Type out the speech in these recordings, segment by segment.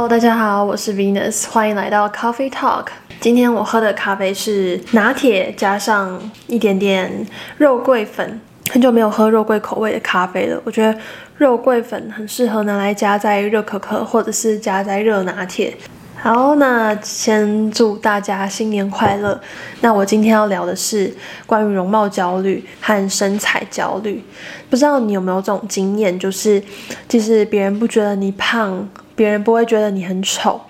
Hello，大家好，我是 Venus，歡迎來到 Coffee Talk。今天我喝的咖啡是拿鐵加上一點點肉桂粉。很久沒有喝肉桂口味的咖啡了，我覺得肉桂粉很適合拿來加在熱可可或者是加在熱拿鐵。好，那先祝大家新年快樂。那我今天要聊的是關於容貌焦慮和身材焦慮。不知道你有沒有這種經驗，就是即使別人不覺得你胖。別人不會覺得你很醜。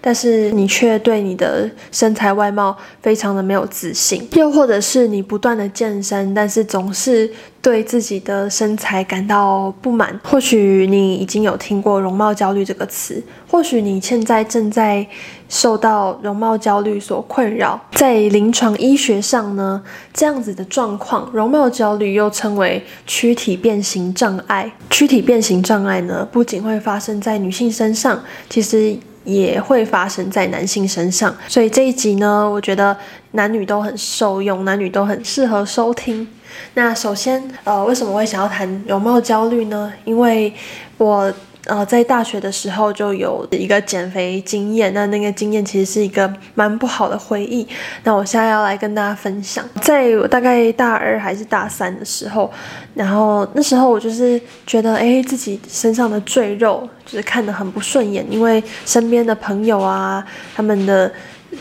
但是你卻對你的身材外貌非常的沒有自信，又或者是你不斷的健身，但是總是對自己的身材感到不滿。或許你已經有聽過“容貌焦慮”這個詞，或許你現在正在受到容貌焦慮所困擾。在臨床醫學上呢，這樣子的狀況，容貌焦慮又稱為軀體變形障礙。軀體變形障礙呢，不僅會發生在女性身上，其實。也會發生在男性身上，所以這一集呢，我覺得男女都很受用，男女都很適合收聽。那首先，呃，為什麼會想要談容貌焦慮呢？因為，我。呃，在大學的時候就有一個減肥經驗，那那個經驗其實是一個蠻不好的回憶。那我現在要來跟大家分享，在我大概大二還是大三的時候，然後那時候我就是覺得，哎，自己身上的贅肉就是看得很不順眼，因為身邊的朋友啊，他們的。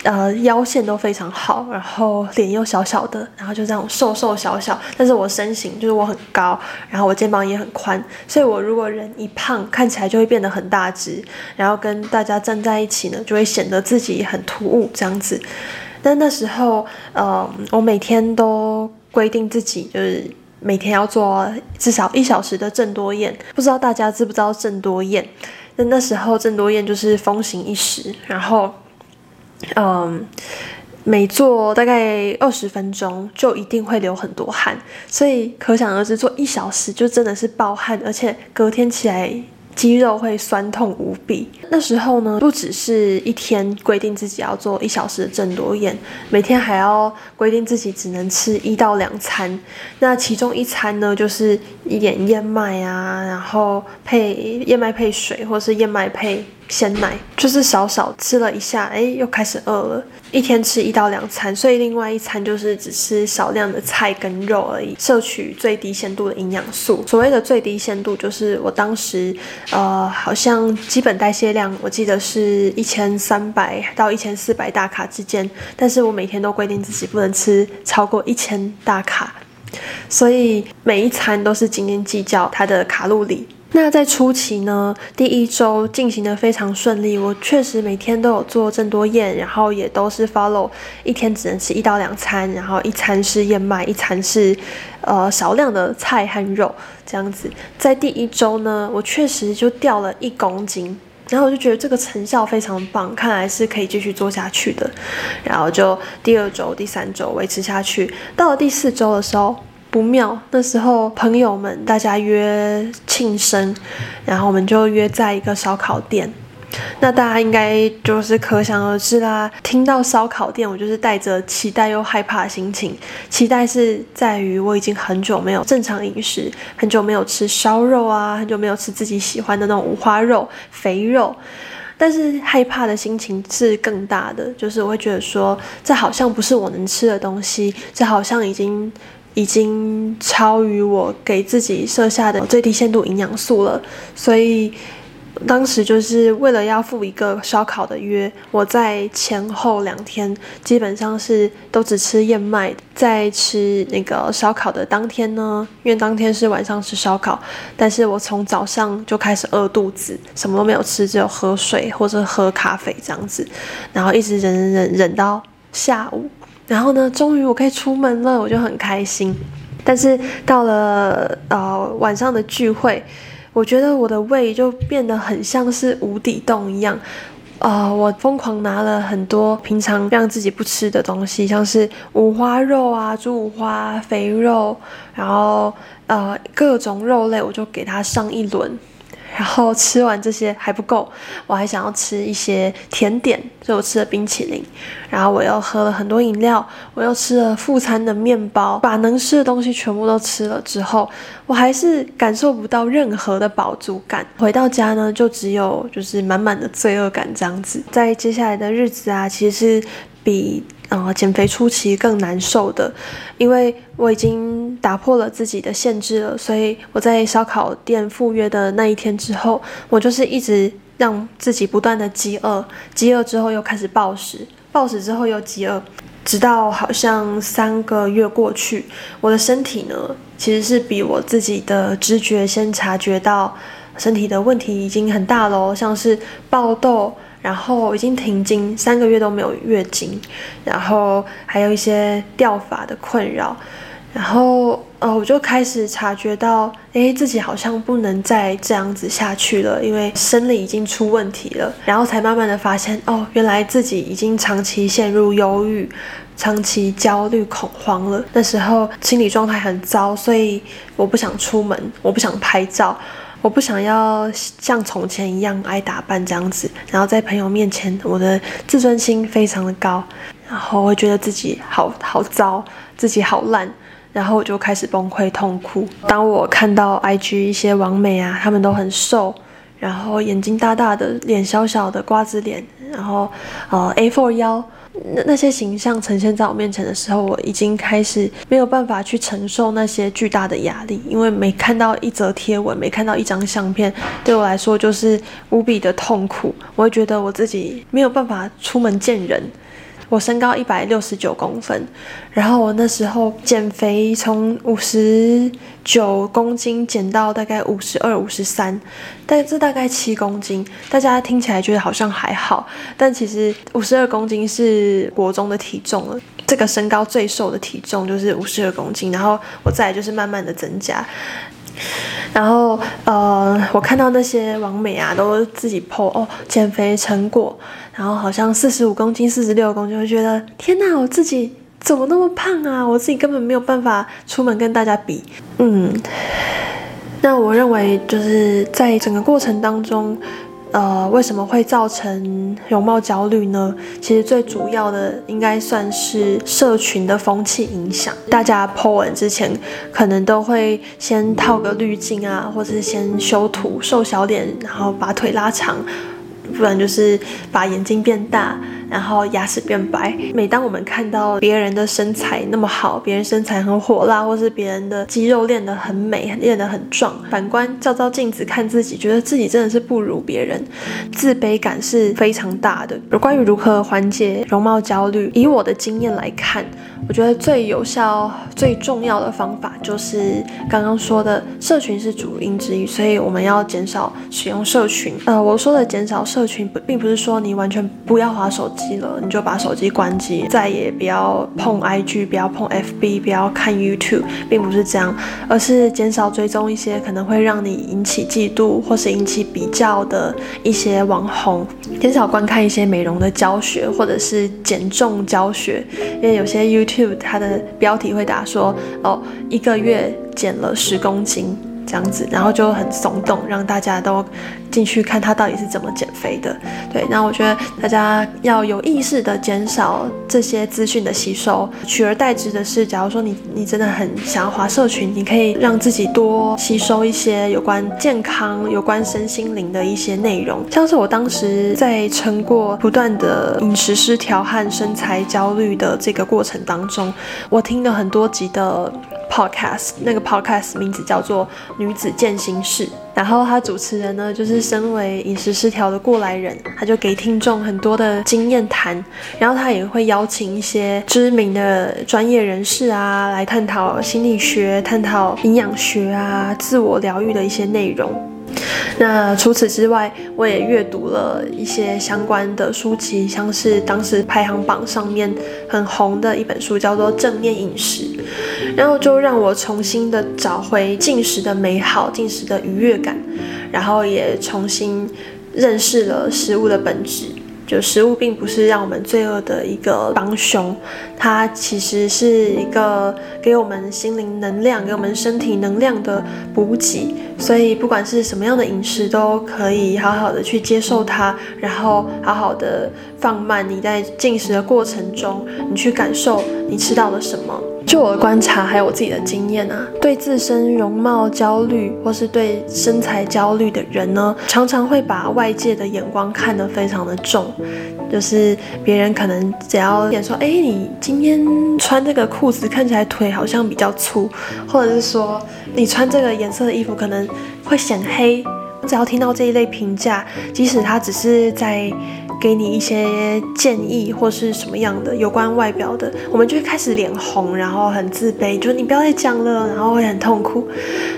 呃，腰線都非常好，然後臉又小小的，然後就這樣瘦瘦小小。但是我身形就是我很高，然後我肩膀也很寬，所以我如果人一胖，看起來就會變得很大隻，然後跟大家站在一起呢，就會顯得自己很突兀這樣子。但那時候，呃，我每天都規定自己就是每天要做至少一小時的鄭多燕，不知道大家知不知道鄭多燕？但那時候鄭多燕就是風行一時，然後。嗯，um, 每做大概二十分鐘就一定會流很多汗，所以可想而知，做一小時就真的是爆汗，而且隔天起來肌肉會酸痛無比。那時候呢，不只是一天規定自己要做一小時的鄭多燕，每天還要規定自己只能吃一到兩餐，那其中一餐呢，就是一點燕麥啊，然後配燕麥配水，或者是燕麥配。鮮奶就是少少吃了一下，哎，又開始餓了。一天吃一到兩餐，所以另外一餐就是只吃少量的菜跟肉而已，攝取最低限度的營養素。所謂的最低限度就是我當時，呃，好像基本代謝量我記得是一千三百到一千四百大卡之間，但是我每天都規定自己不能吃超過一千大卡，所以每一餐都是斤斤計較它的卡路里。那在初期呢，第一周進行的非常順利，我確實每天都有做鄭多燕，然後也都是 follow，一天只能吃一到兩餐，然後一餐是燕麥，一餐是，呃少量的菜和肉這樣子。在第一周呢，我確實就掉了一公斤，然後我就覺得這個成效非常棒，看來是可以繼續做下去的，然後就第二周、第三周維持下去，到了第四周的時候。不妙，那時候朋友們大家約慶生，然後我們就約在一個燒烤店。那大家應該就是可想而知啦。聽到燒烤店，我就是帶着期待又害怕的心情。期待是在於我已經很久沒有正常飲食，很久沒有吃燒肉啊，很久沒有吃自己喜歡的那種五花肉、肥肉。但是害怕的心情是更大的，就是我會覺得說，這好像不是我能吃的東西，這好像已經。已經超於我給自己設下的最低限度營養素了，所以當時就是為了要赴一個燒烤的約，我在前後兩天基本上是都只吃燕麥，在吃那個燒烤的當天呢，因為當天是晚上吃燒烤，但是我從早上就開始餓肚子，什麼都沒有吃，只有喝水或者喝咖啡這樣子，然後一直忍忍忍忍到。下午，然後呢，終於我可以出門了，我就很開心。但是到了呃晚上的聚會，我覺得我的胃就變得很像是無底洞一樣。呃，我瘋狂拿了很多平常讓自己不吃的東西，像是五花肉啊、豬五花、肥肉，然後呃各種肉類，我就給它上一輪。然後吃完這些還不夠，我還想要吃一些甜點，所以我吃了冰淇淋。然後我又喝了很多飲料，我又吃了副餐的麵包，把能吃的東西全部都吃了之後，我還是感受不到任何的飽足感。回到家呢，就只有就是滿滿的罪惡感這樣子。在接下來的日子啊，其實。比呃減肥初期更難受的，因為我已經打破了自己的限制了，所以我在燒烤店赴約的那一天之後，我就是一直讓自己不斷的飢餓，飢餓之後又開始暴食，暴食之後又飢餓，直到好像三個月過去，我的身體呢，其實是比我自己的直覺先察覺到身體的問題已經很大了，像是爆痘。然後已經停經三個月都沒有月經，然後還有一些掉髮的困擾，然後呃、哦、我就開始察覺到，誒，自己好像不能再這樣子下去了，因為生理已經出問題了，然後才慢慢的發現，哦，原來自己已經長期陷入憂鬱，長期焦慮恐慌了，那時候心理狀態很糟，所以我不想出門，我不想拍照。我不想要像從前一樣愛打扮這樣子，然後在朋友面前，我的自尊心非常的高，然後我會覺得自己好好糟，自己好爛，然後我就開始崩潰痛哭。當我看到 IG 一些網美啊，他們都很瘦，然後眼睛大大的，臉小小的瓜子臉，然後呃 A4 腰。那那些形象呈現在我面前的時候，我已經開始沒有辦法去承受那些巨大的壓力，因為每看到一則貼文，每看到一張相片，對我來說就是無比的痛苦。我會覺得我自己沒有辦法出門見人。我身高一百六十九公分，然後我那時候減肥，從五十九公斤減到大概五十二、五十三，但這大概七公斤，大家聽起來覺得好像還好，但其實五十二公斤是國中的體重了。這個身高最瘦的體重就是五十二公斤，然後我再就是慢慢的增加。然後，呃，我看到那些網美啊，都自己 po 哦減肥成果，然後好像四十五公斤、四十六公斤，就會覺得天哪，我自己怎麼那麼胖啊？我自己根本沒有辦法出門跟大家比。嗯，那我認為就是在整個過程當中。呃，為什麼會造成容貌焦慮呢？其實最主要的應該算是社群的風氣影響，大家 po 完之前可能都會先套個濾鏡啊，或者是先修圖，瘦小臉，然後把腿拉長，不然就是把眼睛變大。然後牙齒變白。每當我們看到別人的身材那麼好，別人身材很火辣，或是別人的肌肉練得很美、練得很壯，反觀照照鏡子看自己，覺得自己真的是不如別人，自卑感是非常大的。而關於如何緩解容貌焦慮，以我的經驗來看，我覺得最有效、最重要的方法就是剛剛說的，社群是主因之一，所以我們要減少使用社群。呃，我說的減少社群，並不是說你完全不要滑手。機了，你就把手機關機，再也不要碰 IG，不要碰 FB，不要看 YouTube，並不是這樣，而是減少追蹤一些可能會讓你引起嫉妒或是引起比較的一些網紅，減少觀看一些美容的教學或者是減重教學，因為有些 YouTube 它的標題會打說哦，一個月減了十公斤。這樣子，然後就很聳動，讓大家都進去看他到底是怎麼減肥的。對，那我覺得大家要有意識的減少這些資訊的吸收，取而代之的是，假如說你你真的很想要滑社群，你可以讓自己多吸收一些有關健康、有關身心靈的一些內容。像是我當時在撐過不斷的飲食失調和身材焦慮的這個過程當中，我聽了很多集的。Podcast 那個 Podcast 名字叫做《女子健心室》。然後他主持人呢，就是身為飲食失調的過來人，他就給聽眾很多的經驗談，然後他也會邀請一些知名的專業人士啊來探討心理學、探討營養學啊、自我療癒的一些內容。那除此之外，我也閱讀了一些相關的書籍，像是當時排行榜上面很紅的一本書，叫做《正面飲食》。然後就讓我重新的找回進食的美好，進食的愉悅感，然後也重新認識了食物的本質。就食物並不是讓我們罪惡的一個幫兇，它其實是一個給我們心靈能量，給我們身體能量的補給。所以不管是什麼樣的飲食，都可以好好的去接受它，然後好好的放慢你在進食的過程中，你去感受你吃到了什麼。就我的觀察，還有我自己的經驗啊，對自身容貌焦慮或是對身材焦慮的人呢，常常會把外界的眼光看得非常的重，就是別人可能只要一點說，哎、欸，你今天穿這個褲子看起來腿好像比較粗，或者是說你穿這個顏色的衣服可能。會顯黑。只要聽到這一類評價，即使他只是在給你一些建議或是什麼樣的有關外表的，我們就會開始臉紅，然後很自卑，就你不要再講了，然後會很痛苦。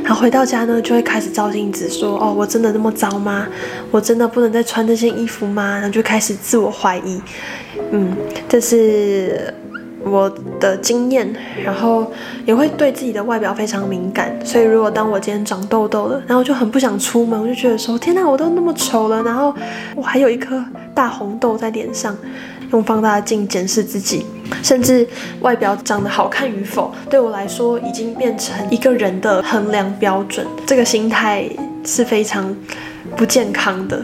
然後回到家呢，就會開始照鏡子說，說哦，我真的那麼糟嗎？我真的不能再穿這件衣服嗎？然後就開始自我懷疑。嗯，這是。我的經驗，然後也會對自己的外表非常敏感，所以如果當我今天長痘痘了，然後就很不想出門，我就覺得說：天哪，我都那麼醜了，然後我還有一顆大紅痘在臉上，用放大鏡檢視自己，甚至外表長得好看與否，對我來說已經變成一個人的衡量標準，這個心態是非常。不健康的，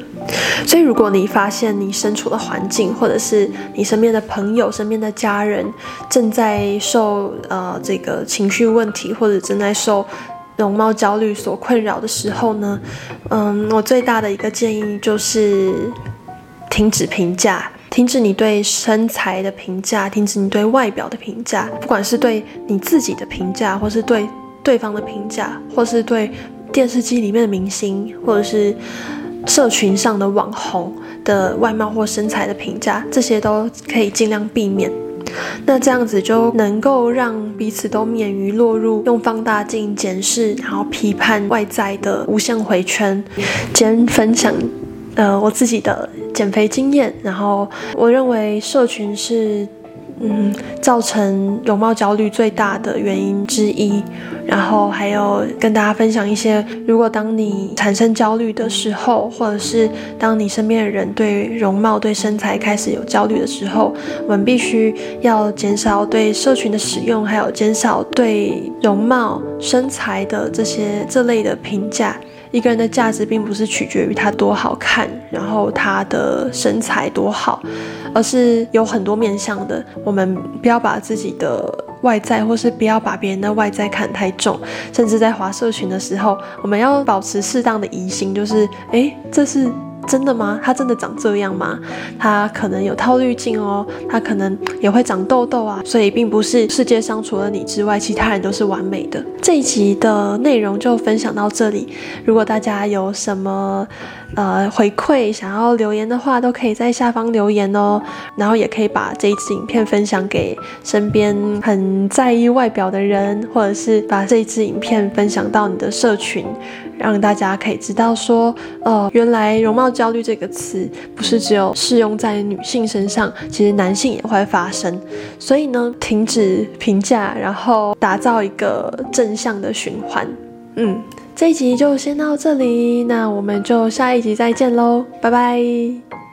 所以如果你發現你身處的環境，或者是你身邊的朋友、身邊的家人正在受呃這個情緒問題，或者正在受容貌焦慮所困擾的時候呢，嗯，我最大的一個建議就是停止評價，停止你對身材的評價，停止你對外表的評價，不管是對你自己的評價，或是對對方的評價，或是對。電視機裡面的明星，或者是社群上的網紅的外貌或身材的評價，這些都可以儘量避免。那這樣子就能夠讓彼此都免於落入用放大鏡檢視，然後批判外在的無限回圈。今天分享，呃，我自己的減肥經驗。然後我認為社群是。嗯，造成容貌焦慮最大的原因之一，然後還有跟大家分享一些，如果當你產生焦慮的時候，或者是當你身邊的人對容貌、對身材開始有焦慮的時候，我們必須要減少對社群的使用，還有減少對容貌、身材的這些這類的評價。一個人的價值並不是取決於他多好看，然後他的身材多好，而是有很多面向的。我們不要把自己的外在，或是不要把別人的外在看得太重，甚至在滑社群的時候，我們要保持適當的疑心，就是，哎，這是。真的嗎？他真的長這樣嗎？他可能有套濾鏡哦，他可能也會長痘痘啊，所以並不是世界上除了你之外，其他人都是完美的。這一集的內容就分享到這裡，如果大家有什麼呃回饋想要留言的話，都可以在下方留言哦，然後也可以把這一支影片分享給身邊很在意外表的人，或者是把這一支影片分享到你的社群。讓大家可以知道說，呃，原來容貌焦慮這個詞不是只有適用在女性身上，其實男性也會發生。所以呢，停止評價，然後打造一個正向的循環。嗯，這一集就先到這裡，那我們就下一集再見嘍，拜拜。